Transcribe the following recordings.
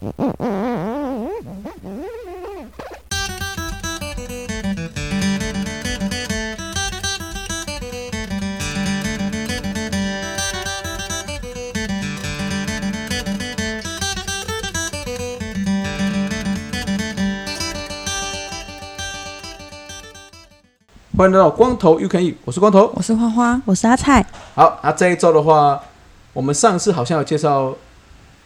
歡迎來到光頭悠 CampEat，我是光頭，我是花花，我是阿蔡。好，那、啊、這一周的話，我們上次好像有介紹。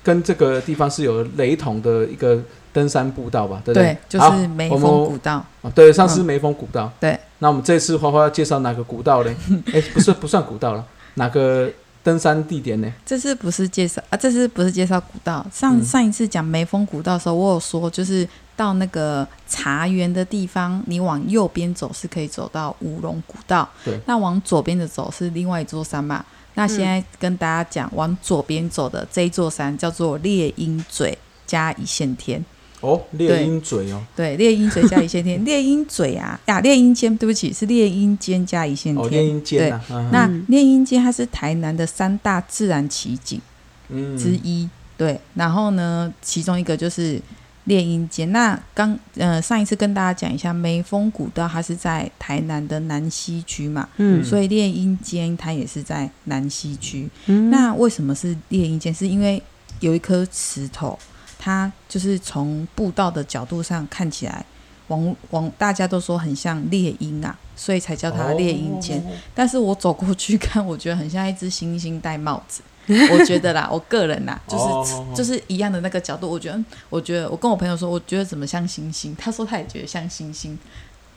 跟這個地方是有雷同的一個登山步道吧，對對，對？就是梅峰古道。啊、哦，對，上次梅峰古道。嗯、對，那我們這次花花要介紹哪個古道呢？哎， 不是不算古道了，哪個登山地點呢？這次不是介紹啊？這次不是介紹古道？上、嗯、上一次講梅峰古道的時候，我有說就是到那個茶園的地方，你往右邊走是可以走到烏龍古道。對，那往左邊的走是另外一座山嘛？那現在跟大家講，嗯、往左邊走的這一座山叫做獵鷹嘴加一線天。哦，獵鷹嘴哦，對，獵鷹嘴加一線天。獵鷹 嘴啊，呀，獵鷹尖，對不起，是獵鷹尖加一線天。哦，獵鷹尖。對，嗯、那獵鷹尖它是台南的三大自然奇景之一。嗯、對，然後呢，其中一個就是。獵鷹尖，那剛呃上一次跟大家講一下梅峰古道，它是在台南的楠西區嘛，嗯，所以獵鷹尖它也是在楠西區。嗯，那為什麼是獵鷹尖？是因為有一顆石頭，它就是從步道的角度上看起來，往往大家都說很像獵鷹啊，所以才叫它獵鷹尖。哦、但是我走過去看，我覺得很像一隻猩猩戴帽子。 我覺得啦，我個人啦，就是 oh, oh, oh. 就是一樣的那個角度，我覺得，我覺得，我跟我朋友說，我覺得怎麼像猩猩，他說他也覺得像猩猩，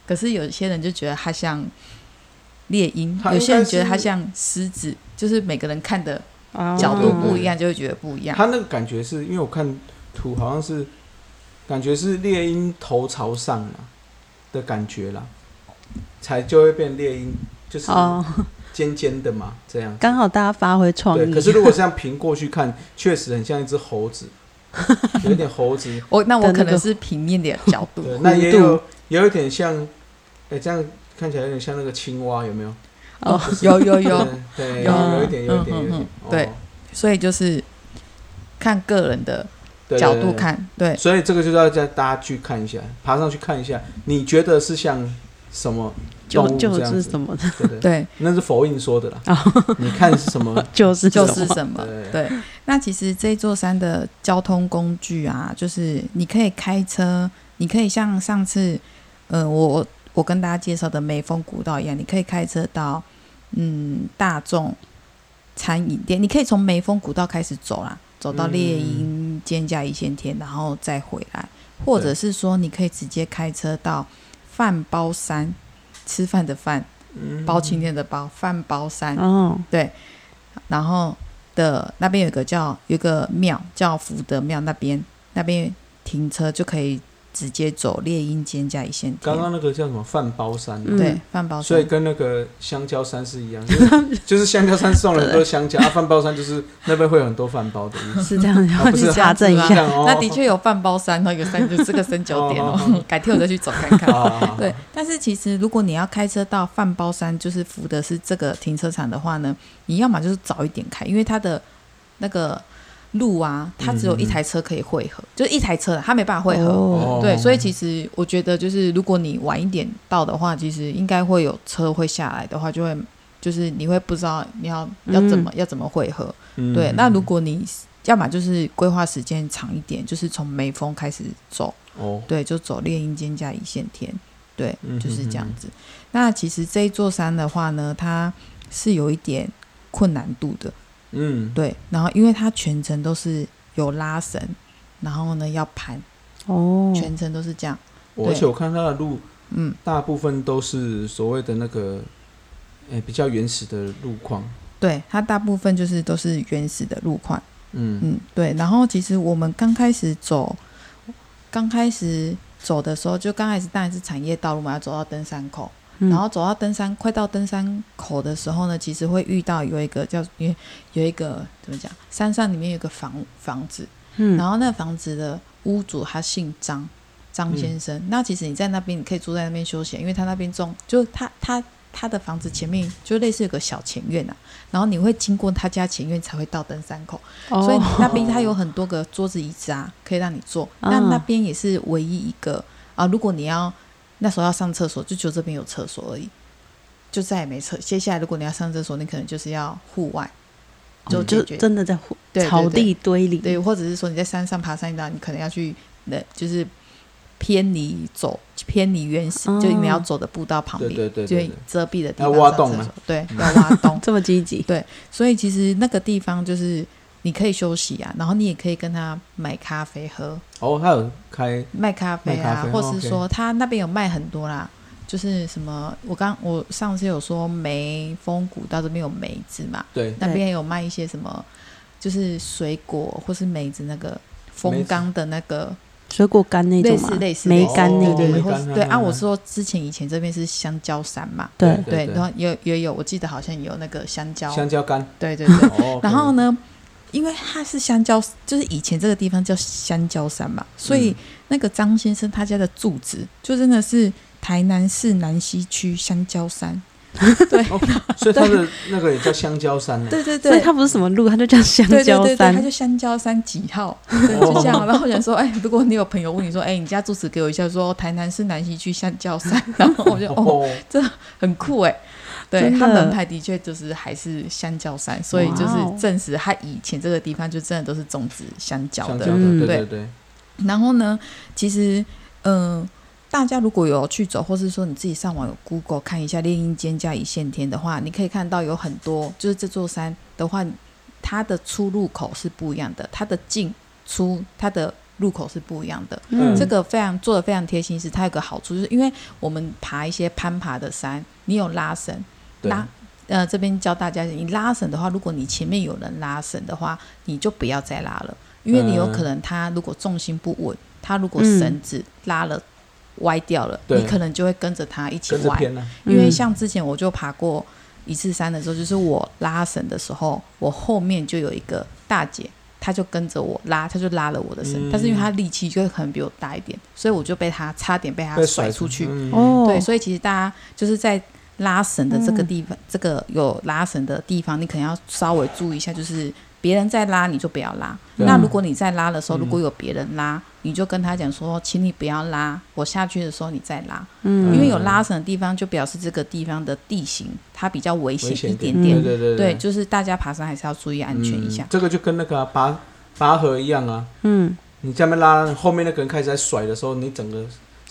可是有些人就覺得他像獵鷹，有些人覺得他像獅子，就是每個人看的角度不一樣，oh. 就會覺得不一樣。他那個感覺是因為我看圖好像是感覺是獵鷹頭朝上的感覺啦，才就會變獵鷹，就是。Oh. 尖尖的嘛，這樣剛好大家發揮創意。對，可是如果是這樣平過去看，確 實很像一隻猴子，有一點猴子。哦， 那我可能是平面的角度。 那也有有一點像，哎、欸，這樣看起來有點像那個青蛙，有沒有？哦，就是、有有有，對，有有一點，有一點，有一點。對，哦、所以就是看個人的角度看，對，對，對，對，對，所以這個就是要叫大家去看一下，爬上去看一下，你覺得是像什麼？對，對，就就是什麼的，對，對，對， 那是否定說的啦？ 你看是什麼，就是 就是什麼，對，對。那其實這座山的交通工具啊，就是你可以開車，你可以像上次，嗯、呃，我我跟大家介紹的梅峰古道一樣，你可以開車到嗯大眾餐飲店，你可以從梅峰古道開始走啦，走到獵鷹尖加一線天，然後再回來，對或者是說你可以直接開車到飯包山。吃飯的飯，包青天的包、嗯、飯包山。哦、對，然後的那邊有一個叫有一個廟叫福德廟，那邊那邊停車就可以。直接走獵鷹尖加一線天，剛剛那個叫什麼飯包、啊嗯、包山？對，飯包山。所以跟那個香蕉山是一樣的、就是，就是香蕉山送了很多香蕉， 對啊，飯包山就是那邊會有很多飯包的。是這樣，然後、嗯啊、是加這一、就是、這樣哦。那的確有飯包山、哦，那有山就是四個三角點哦。改天我再去走看看哦。 對，但是其實如果你要開車到飯包山，就是扶的是這個停車場的話呢，你要嘛就是早一點開，因為它的那個。路啊，它只有一台車可以匯合，嗯、就是一台車，它沒辦法匯合。哦、對，哦、所以其實我覺得，就是如果你晚一點到的話，其實應該會有車會下來的話，就會就是你會不知道你要、嗯、要怎麼要怎麼匯合。嗯、對，嗯、那如果你要麼就是規劃時間長一點，就是從眉峰開始走。哦、對，就走獵鷹尖加一線天。對，嗯、就是這樣子。嗯嗯、那其實這一座山的話呢，它是有一點困難度的。嗯，對，然後因為它全程都是有拉繩，然後呢要盤，哦，全程都是這樣。哦，對，而且我看它的路，嗯，大部分都是所謂的那個、欸，比較原始的路況。對，它大部分就是都是原始的路況。嗯嗯，對。然後其實我們剛開始走，剛開始走的時候，就剛開始當然是產業道路嘛，要走到登山口。然後走到登山，嗯、快到登山口的時候呢，其實會遇到有一個叫，因為有一個怎麼講，山上裡面有個房房子，嗯，然後那個房子的屋主他姓張，張先生。嗯、那其實你在那邊你可以住在那邊休閒，因為他那邊種，就他他他的房子前面就類似有個小前院吶、啊，然後你會經過他家前院才會到登山口，哦、所以那邊他有很多個桌子椅子啊，可以讓你坐。那、嗯、那邊也是唯一一個啊，如果你要。那時候要上廁所，就只有這邊有廁所而已，就再也沒廁所。接下來如果你要上廁所，你可能就是要戶外，就、嗯、就真的在對，對，對草地堆裡，對，或者是說你在山上爬山，一你可能要去，那就是偏離走偏離原形。嗯、就你要走的步道旁邊，對對，對，對，對遮蔽的地方挖洞、啊，對，要挖洞， 這麼積極，對，所以其實那個地方就是。你可以休息啊，然後你也可以跟他買咖啡喝。哦，他有開賣咖啡啊，或是說他那邊有賣很多啦，就是什麼，我剛我上次有說梅峰谷到這邊有梅子嘛，對，那邊有賣一些什麼，就是水果或是梅子那個風乾的那個水果乾那種嘛，類似類似梅乾那種，對啊，我說之前以前這邊是香蕉山嘛，對對，然後也也有，我記得好像有那個香蕉香蕉乾，對對對，然後呢，因為它是香蕉，就是以前這個地方叫香蕉山嘛，所以那個張先生他家的住址就真的是台南市南西區香蕉山。對、哦，所以他的那個也叫香蕉山對，對對對，所以它不是什麼路，它就叫香蕉山，它對對對對就香蕉山幾號，對就這樣、啊。然後我想說：“哎、欸，如果你有朋友問你說，哎、欸，你家住址給我一下，說台南市南西區香蕉山。”然後我就哦，這、喔、很酷哎、欸。對，它門的牌的確就是還是香蕉山，Wow 所以就是證實它以前這個地方就真的都是種植香蕉的。對對對。然後呢，其實嗯、呃，大家如果有去走，或是說你自己上網有 Google 看一下《獵鷹尖加一線天》的話，你可以看到有很多，就是這座山的話，它的出入口是不一樣的，它的進出它的入口是不一樣的。嗯、這個非常做的非常貼心，是它有個好處，就是因為我們爬一些攀爬的山，你有拉繩。拉，呃，這邊教大家，你拉繩的話，如果你前面有人拉繩的話，你就不要再拉了，因為你有可能他如果重心不穩，嗯、他如果繩子拉了歪掉了，對你可能就會跟着他一起歪。啊、因為像之前我就爬過一次山的時候，就是我拉繩的時候，我後面就有一個大姐，她就跟着我拉，她就拉了我的繩，嗯、但是因為她力氣就會可能比我大一點，所以我就被她差點被她甩出去。哦，嗯、對，所以其實大家就是在。拉繩的這個地方，嗯、這個有拉繩的地方，你可能要稍微注意一下，就是別人在拉你就不要拉。啊、那如果你在拉的時候，嗯、如果有別人拉，你就跟他講說，請你不要拉，我下去的時候你再拉。嗯，因為有拉繩的地方，就表示這個地方的地形它比較危險一點點。對，對，對，對，對，就是大家爬山還是要注意安全一下。嗯、這個就跟那個拔拔河一樣啊，嗯，你下面拉，後面那個人開始在甩的時候，你整個。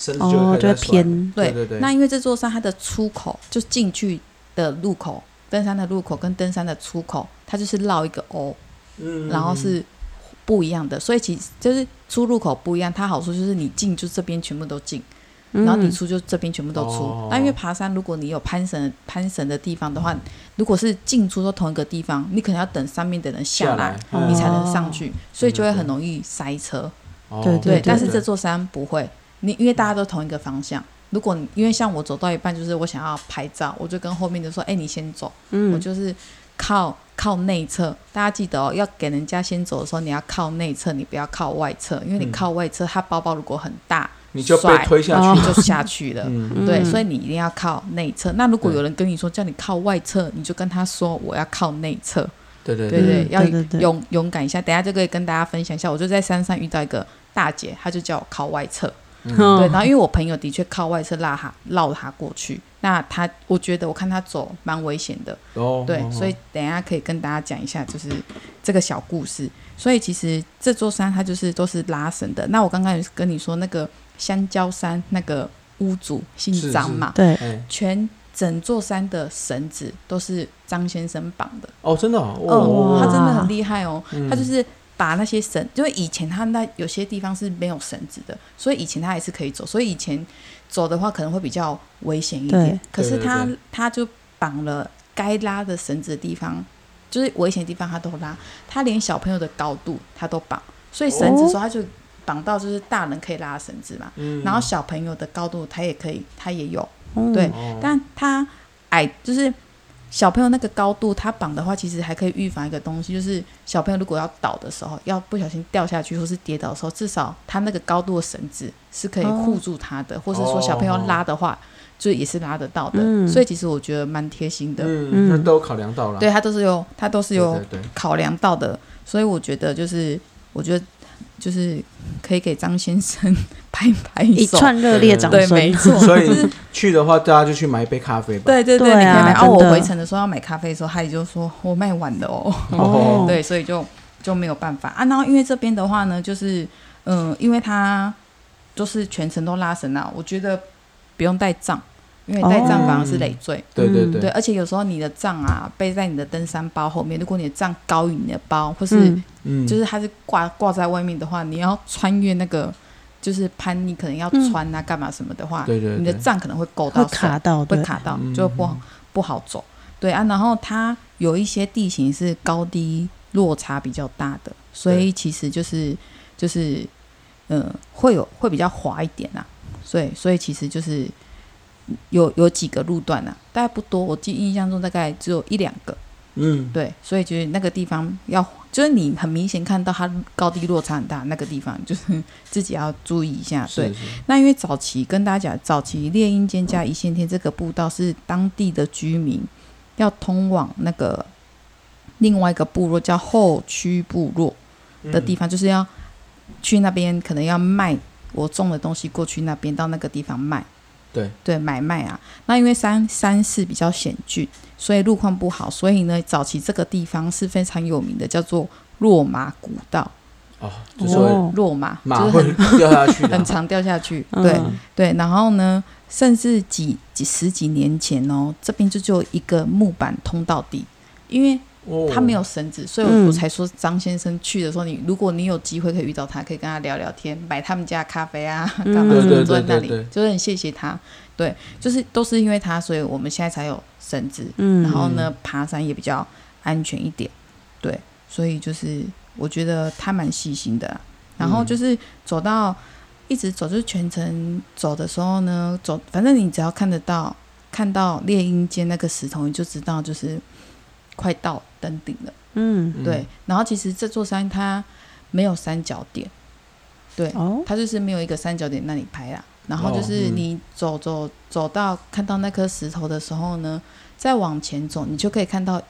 對對對哦，就會偏，對對對。那因為這座山它的出口，就進去的路口，登山的入口跟登山的出口，它就是繞一個 O，、嗯、然後是不一樣的，所以其實就是出入口不一樣。它好處就是你進就這邊全部都進，嗯、然後你出就這邊全部都出。那、嗯哦、因為爬山，如果你有攀繩攀繩的地方的話，嗯、如果是進出都同一個地方，你可能要等上面的人下來，下來嗯、你才能上去，所以就會很容易塞車。哦、對對對,對，但是這座山不會。你因為大家都同一個方向，如果你因為像我走到一半，就是我想要拍照，我就跟後面就說：“哎、欸，你先走。”嗯，我就是靠靠內側。大家記得哦，要給人家先走的時候，你要靠內側，你不要靠外側，因為你靠外側，嗯、他包包如果很大，你就被推下去了帥、哦、就下去了。嗯、對，所以你一定要靠內側。嗯、那如果有人跟你說叫你靠外側，你就跟他說：“我要靠內側。”對對對對，對對對要勇對對對勇敢一下。等下就可以跟大家分享一下，我就在山上遇到一個大姐，她就叫我靠外側。嗯、對，然後因為我朋友的確靠外側，拉他繞他過去，那他我覺得我看他走蠻危險的，哦、對，哦、所以等一下可以跟大家講一下就是這個小故事。所以其實這座山它就是都是拉繩的。那我剛剛跟你說那個香蕉山那個屋主姓張嘛，是是，對，全整座山的繩子都是張先生綁的。哦，真的，哦，他、哦、哇真的很厲害哦，他就是。把那些繩，因為以前他那有些地方是沒有繩子的，所以以前他還是可以走。所以以前走的話可能會比較危險一點。對對對對，可是他他就綁了該拉的繩子的地方，就是危險的地方他都拉。他連小朋友的高度他都綁，所以繩子的時候他就綁到就是大人可以拉繩子嘛。哦、然後小朋友的高度他也可以，他也有、嗯哦、對，但他矮就是。小朋友那個高度，他綁的話，其實還可以預防一個東西，就是小朋友如果要倒的時候，要不小心掉下去或是跌倒的時候，至少他那個高度的繩子是可以護住他的，哦、或是說小朋友拉的話，哦、就也是拉得到的。嗯、所以其實我覺得蠻貼心的，嗯，都有考量到了，嗯、對他都是有，他都是有考量到的，對對對，所以我覺得就是，我覺得。就是可以給張先生拍拍手一串熱烈掌聲，對，嗯、沒錯做。所以去的話，大家、啊、就去買一杯咖啡吧。對對對，然後我回程的時候要買咖啡的時候，他也就說我賣完了哦。嗯 oh. 對，所以就就沒有辦法啊。然後因為這邊的話呢，就是嗯、呃，因為他就是全程都拉繩啊，我覺得不用帶杖。因為帶帳篷是累贅、嗯，對對對，對，而且有時候你的帳啊背在你的登山包後面，如果你的帳高於你的包，或是嗯，就是它是掛掛在外面的話，你要穿越那個就是攀，你可能要穿啊幹嘛什麼的話，嗯、對，對對，你的帳可能會勾到，會卡，到會卡到，會卡到就不好、嗯、哼不好走，對啊。然後它有一些地形是高低落差比較大的，所以其實就是就是嗯、呃，會有會比較滑一點啊，所以所以其實就是。有有幾個路段呢、啊？大概不多，我記印象中大概只有一兩個。嗯，對，所以就是那個地方要，就是你很明顯看到它高低落差很大，那個地方就是自己要注意一下。對，是是那因為早期跟大家講，早期獵鷹尖加一線天這個步道是當地的居民要通往那個另外一個部落叫後區部落的地方，嗯、就是要去那邊，可能要賣我種的東西過去那邊，到那個地方賣。對，對買賣啊，那因為山山勢比較險峻，所以路況不好，所以呢，早期這個地方是非常有名的，叫做落馬古道。哦，就落、是、馬，哦，就是很掉下去， 很常掉下去。對、嗯、對，然後呢，甚至幾幾十幾年前呢、喔，這邊就只有一個木板通到底，因為。Oh, 他沒有繩子，所以我才說張先生去的時候，嗯、你如果你有機會可以遇到他，可以跟他聊聊天，買他們家咖啡啊，幹嘛、嗯、什麼坐在那裡，對對對對，就是很謝謝他。對，就是都是因為他，所以我們現在才有繩子，嗯、然後呢，爬山也比較安全一點。對，所以就是我覺得他蠻細心的。然後就是走到一直走，就是全程走的時候呢，走反正你只要看得到，看到獵鷹尖那個石頭，你就知道就是。快到登頂了，嗯，對，然後其實這座山它沒有三角點，對，哦、它就是沒有一個三角點那裡拍啦。然後就是你走走、哦嗯、走到看到那顆石頭的時候呢，再往前走，你就可以看到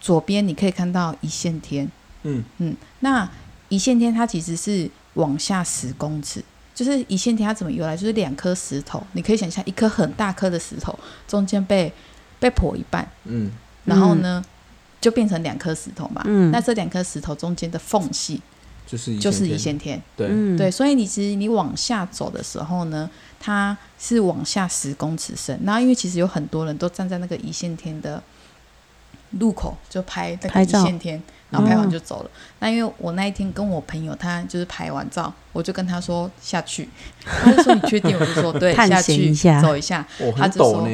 左邊，你可以看到一線天，嗯嗯，那一線天它其實是往下十公尺，就是一線天它怎麼由來？就是兩顆石頭，你可以想象一顆很大顆的石頭中間被被剖一半，嗯，然後呢？嗯就變成兩顆石頭嘛，嗯、那這兩顆石頭中間的縫隙，就是就是一線天，對、嗯、對，所以你其實你往下走的時候呢，它是往下十公尺深，那因為其實有很多人都站在那個一線天的。路口就拍那個一線天，照然後拍完就走了。嗯、那因為我那一天跟我朋友，他就是拍完照，我就跟他說下去。他就說你確定？我就說 對，下、下去，走一下。哦欸、他就說，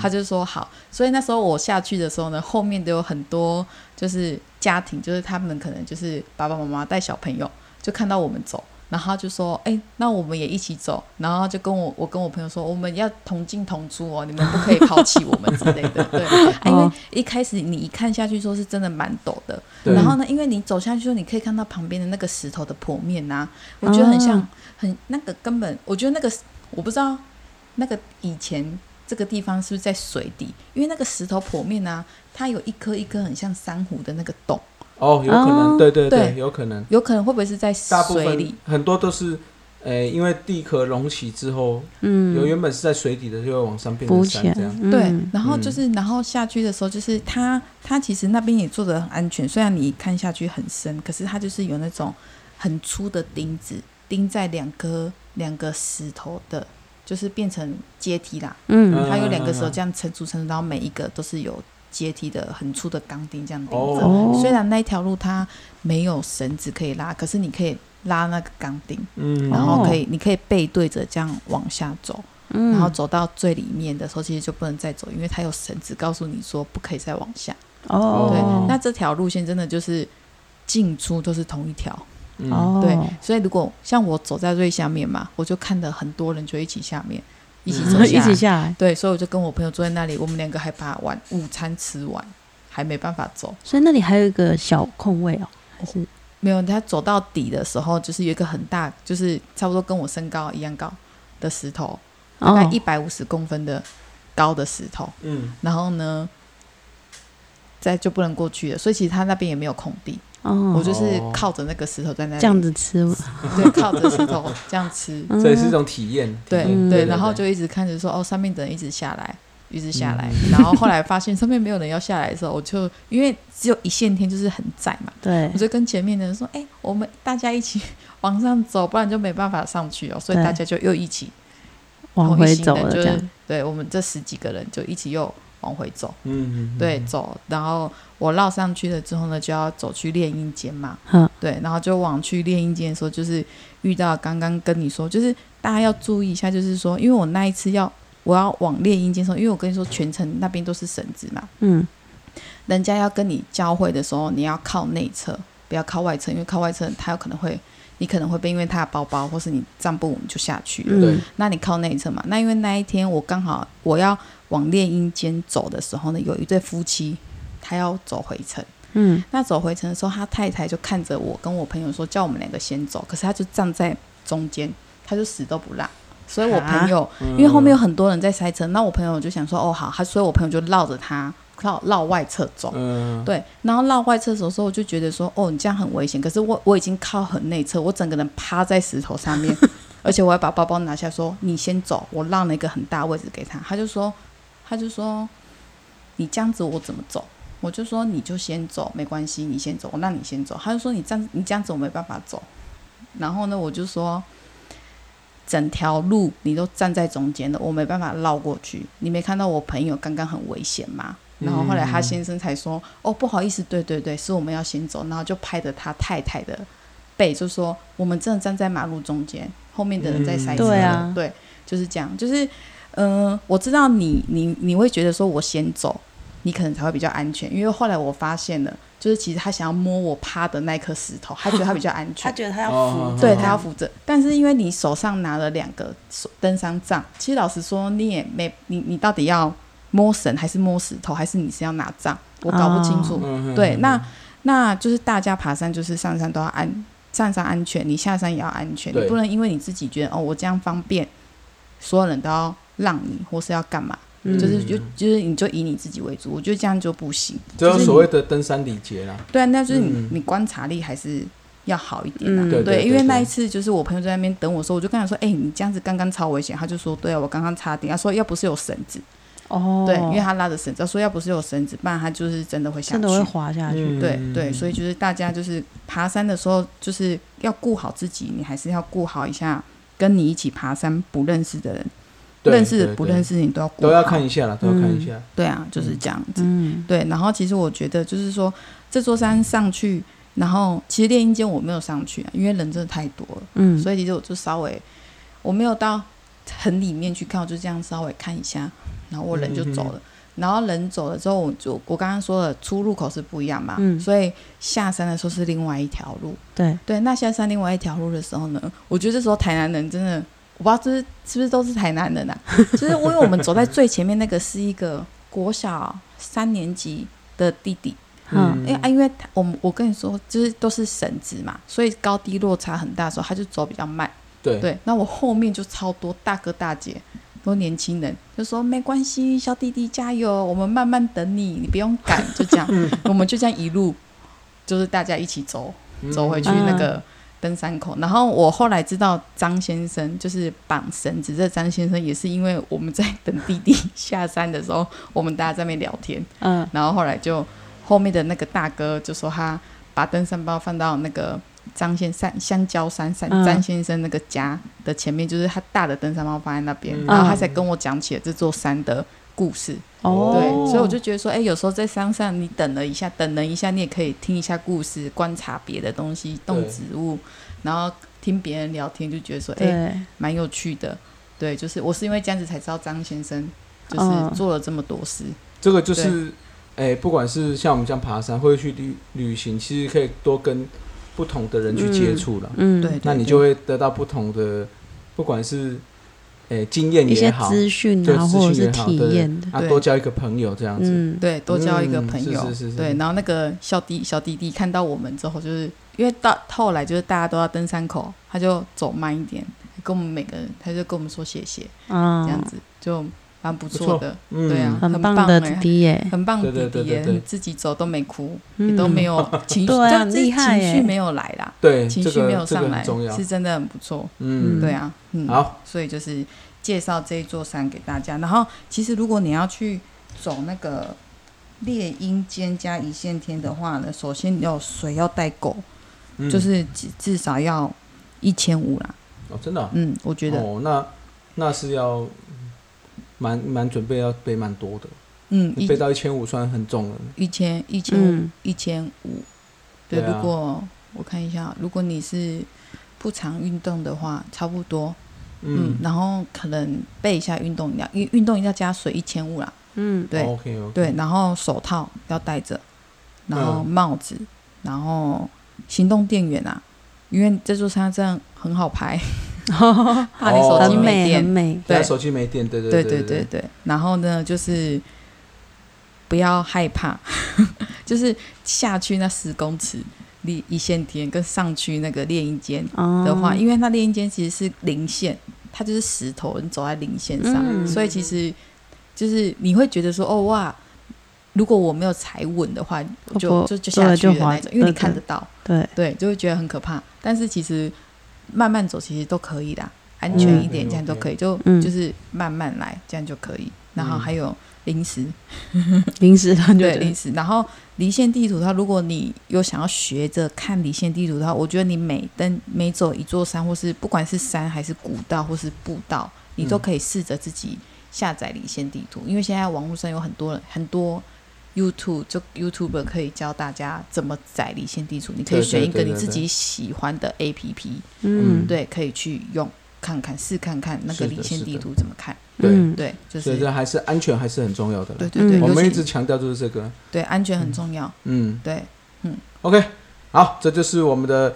他就說好。所以那時候我下去的時候呢，後面都有很多就是家庭，就是他們可能就是爸爸媽媽帶小朋友，就看到我們走。然後就說：“哎、欸，那我們也一起走。”然後就跟我，我跟我朋友說：“我們要同進同出哦，你們不可以拋棄我們之類的。” 對，啊、因為一開始你一看下去說是真的蠻陡的。對然後呢，因為你走下去說你可以看到旁邊的那個石頭的坡面啊，我覺得很像，啊、很那個根本，我覺得那個我不知道那個以前這個地方是不是在水底，因為那個石頭坡面啊，它有一顆一顆很像珊瑚的那個洞。哦，有可能，哦、對對對，對有可能，有可能會不會是在水裡？大部分很多都是，欸、因為地殼隆起之後，嗯，有原本是在水底的，就會往上變浮起來這樣。嗯、對，然後就是，然後下去的時候，就是它，嗯、它其實那邊也做的很安全。雖然你看下去很深，可是它就是有那種很粗的釘子釘在兩顆兩個石頭的，就是變成階梯啦。嗯，它有兩個時候這樣成組成，然後每一個都是有。階梯的很粗的鋼釘這樣釘著，oh、雖然那一條路它沒有繩子可以拉，可是你可以拉那個鋼釘，嗯，然後可以，oh、你可以背對着這樣往下走，嗯，oh、然後走到最裡面的時候，其實就不能再走，因為它有繩子告訴你說不可以再往下。哦，oh、對，oh、那這條路線真的就是進出都是同一條，哦，oh、對，所以如果像我走在最下面嘛，我就看到很多人就一起下面。一起走、嗯，一起下來，對，所以我就跟我朋友坐在那裡，我們兩個還把晚午餐吃完，還沒辦法走。所以那裡還有一個小空位哦，還是，哦、沒有他走到底的時候，就是有一個很大，就是差不多跟我身高一樣高的石頭，哦、大概一百五十公分的高的石頭，嗯，然後呢，再就不能過去了，所以其實他那邊也沒有空地。Oh, 我就是靠着那個石頭在那裡這樣子吃， 對，靠着石頭這樣吃，這也是一種體驗。對對，然後就一直看着說，哦，上面的人一直下來，一直下來，嗯、然後後來發現上面沒有人要下來的時候，我就因為只有一線天就是很窄嘛，對，我就跟前面的人說，哎、欸，我們大家一起往上走，不然就沒辦法上去哦、喔，所以大家就又一起往回走了，這樣，對我們這十幾個人就一起又。往回走，嗯哼哼，對，走，然後我繞上去了之後呢，就要走去一線天嘛，哈對，然後就往去一線天的時候，就是遇到剛剛跟你說，就是大家要注意一下，就是說，因為我那一次要我要往一線天的時候，因為我跟你說全程那邊都是繩子嘛，嗯，人家要跟你交匯的時候，你要靠內側，不要靠外側，因為靠外側他有可能會你可能會被因為他的包包或是你站不穩，你就下去對，嗯、那你靠內側嘛，那因為那一天我剛好我要。往獵鷹尖走的時候呢，有一對夫妻，他要走回程。嗯，那走回程的時候，他太太就看着我跟我朋友說：“叫我們兩個先走。”可是他就站在中間，他就死都不讓。所以我朋友、啊嗯、因為後面有很多人在塞車，那我朋友就想說：“哦，好。”他所以，我朋友就繞着他靠繞外側走。嗯，對。然後繞外側走的時候，我就覺得說：“哦，你這樣很危險。”可是我我已經靠很內側，我整個人趴在石頭上面， 而且我還把包包拿下，說：“你先走，我讓了一個很大位置給他。”他就說。他就說：“你這樣子，我怎麼走？”我就說：“你就先走，沒關係，你先走。”我讓你先走。他就說：“你這樣，你這樣子，我沒辦法走。”然後呢，我就說：“整條路你都站在中間了，我沒辦法繞過去。你沒看到我朋友剛剛很危險嗎？”然後後來他先生才說：“嗯、哦，不好意思，對對對，是我們要先走。”然後就拍着他太太的背，就說：“我們真的站在馬路中間，後面的人在塞車。嗯”對，對啊，對，就是這樣，就是。嗯，我知道你，你你會覺得說我先走，你可能才會比較安全。因為後來我發現了，就是其實他想要摸我趴的那顆石頭，他覺得他比較安全， 他覺得他要扶，對，他要扶着。 但是因為你手上拿了兩個登山杖，其實老實說，你也沒你你到底要摸繩還是摸石頭，還是你是要拿杖？我搞不清楚。 對，那那就是大家爬山，就是上山都要安，上山安全，你下山也要安全，對你不能因為你自己覺得哦，我這樣方便，所有人都要。讓你或是要幹嘛，嗯、就是就就是你就以你自己為主，我覺得這樣就不行。就是，就是所謂的登山禮節啦。對，那就是你你觀察力還是要好一點啊。嗯、對，對，因為那一次就是我朋友在那邊等我說我就跟他說：“哎、欸，你這樣子剛剛超危險。”他就說：“對啊，我剛剛差點。”他說：“要不是有繩子，哦，對，因為他拉着繩子，他說要不是有繩子，他不然他就是真的會下去，真的會滑下去。嗯”對對，所以就是大家就是爬山的時候，就是要顧好自己，你還是要顧好一下跟你一起爬山不認識的人。對對對認識不認識你都要過，都要看一下了。嗯、都要看一下。對啊，就是這樣子。嗯、對，然後其實我覺得就是說這座山上去，然後其實練印間我沒有上去，啊，因為人真的太多了。嗯，所以其實我就稍微我沒有到很裡面去看，我就這樣稍微看一下，然後我人就走了。嗯、哼然後人走了之後，我就我剛剛說的出入口是不一樣嘛，嗯、所以下山的時候是另外一條路。對對，那下山另外一條路的時候呢，我覺得這時候台南人真的。我不知道是不是，是不是都是台南人吶？啊？ 就是因為我們走在最前面那個是一個國小三年級的弟弟，嗯，哎、欸、啊，因為我們我跟你說，就是都是繩子嘛，所以高低落差很大的時候，他就走比較慢，對，對那我後面就超多大哥大姐，多年輕人就說，沒關係，小弟弟加油，我們慢慢等你，你不用趕，就這樣， 我們就這樣一路就是大家一起走走回去那個。嗯嗯那個登山口，然後我後來知道張先生就是綁繩子。這個、張先生也是因為我們在等弟弟下山的時候， 我們大家在那邊聊天，嗯，然後後來就後面的那個大哥就說他把登山包放到那個張先生香蕉山山、嗯、張先生那個家的前面，就是他大的登山包放在那邊，然後他才跟我講起了這座山的。故事哦，對，所以我就覺得說，哎、欸，有時候在山上，你等了一下，等了一下，你也可以聽一下故事，觀察別的東西，動植物，對 然後聽別人聊天，就覺得說，哎、欸，蠻對 有趣的。對，就是我是因為這樣子才知道張先生就是做了這麼多事。哦、對 這個就是，哎對、欸，不管是像我們這樣爬山或者去旅旅行，其實可以多跟不同的人去接觸了、嗯。嗯，對，對，那你就會得到不同的，不管是。誒、欸，經驗也好，一些資訊啊，也好，或者是體驗的，對，對，對，啊、對，多交一個朋友這樣子，嗯、對，多交一個朋友，嗯、對，然後那個小弟小弟弟看到我們之後，就是因為到後來就是大家都要登山口，他就走慢一點，跟我們每個人，他就跟我們說謝謝，嗯、這樣子就。蠻不錯的，嗯，對啊，很棒的滴弟，很棒的弟弟，自己走都沒哭，也都沒有情緒，情緒沒有來啦，對，情緒沒有上來，是真的很不錯，嗯，對啊，好，所以就是介紹這一座山給大家。然後，其實如果你要去走那個獵鷹尖加一線天的話呢，首先你要水要帶夠，就是至少要一千五啦。哦，真的，嗯，我覺得，那是要。蠻蠻準備要背蠻多的，嗯，背到一千五算很重了。一千一千、嗯、一千五，對，對啊、如果我看一下，如果你是不常運動的話，差不多，嗯，嗯，然後可能背一下運動量，運運動要加水一千五啦，嗯，對、哦、OK OK，對，然後手套要戴著，然後帽子，啊、然後行動電源啊，因為這座山這樣很好拍。怕你手機沒電，哦、對，手機沒電，對對對對對。然後呢，就是不要害怕， 就是下去那十公尺，離一線天跟上去那個獵鷹尖的話，哦、因為它獵鷹尖其實是稜線，它就是石頭，你走在稜線上，嗯、所以其實就是你會覺得說，哦哇，如果我沒有踩穩的話，我婆就就就下去的那種，對對對，因為你看得到，對對，就會覺得很可怕。但是其實。慢慢走其實都可以的，安全一點、嗯、這樣都可以，嗯、就、嗯、就是慢慢來這樣就可以。然後還有零食、零、嗯、呵食對零食，然後離線地圖，它，如果你又想要學着看離線地圖的話，我覺得你每登每走一座山，或是不管是山還是古道或是步道，你都可以試着自己下載離線地圖，嗯、因為現在網絡上有很多人很多，YouTube 就 YouTuber 可以教大家怎麼載離線地圖，對對對對對你可以選一個你自己喜歡的 APP，嗯，對,對,對,對,對，可以去用看看試看看那個離線地圖怎麼看，對對，對就是、所以這還是安全還是很重要的，對,對對對，我們一直強調就是這個，對，安全很重要，嗯，對，嗯，OK，好，這就是我們的，誒、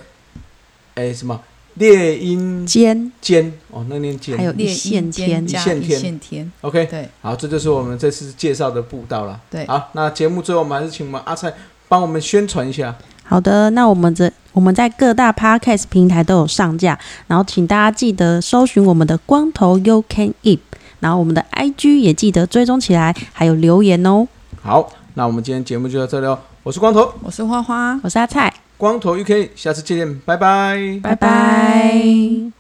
欸，什麼？獵鷹尖尖哦，那念尖，還有一線天，一線天，一線天。OK，對，okay, 好，這就是我們這次介紹的步道了。對，好，那節目最後我們還是請我們阿蔡幫我們宣傳一下。好的，那我們這我們在各大 Podcast 平台都有上架，然後請大家記得搜尋我們的光頭 You Can Eat，然後我們的 IG 也記得追蹤起來，還有留言哦。好，那我們今天節目就到這裡哦。我是光頭，我是花花，我是阿蔡。光頭 UK，下次見，拜拜，拜拜。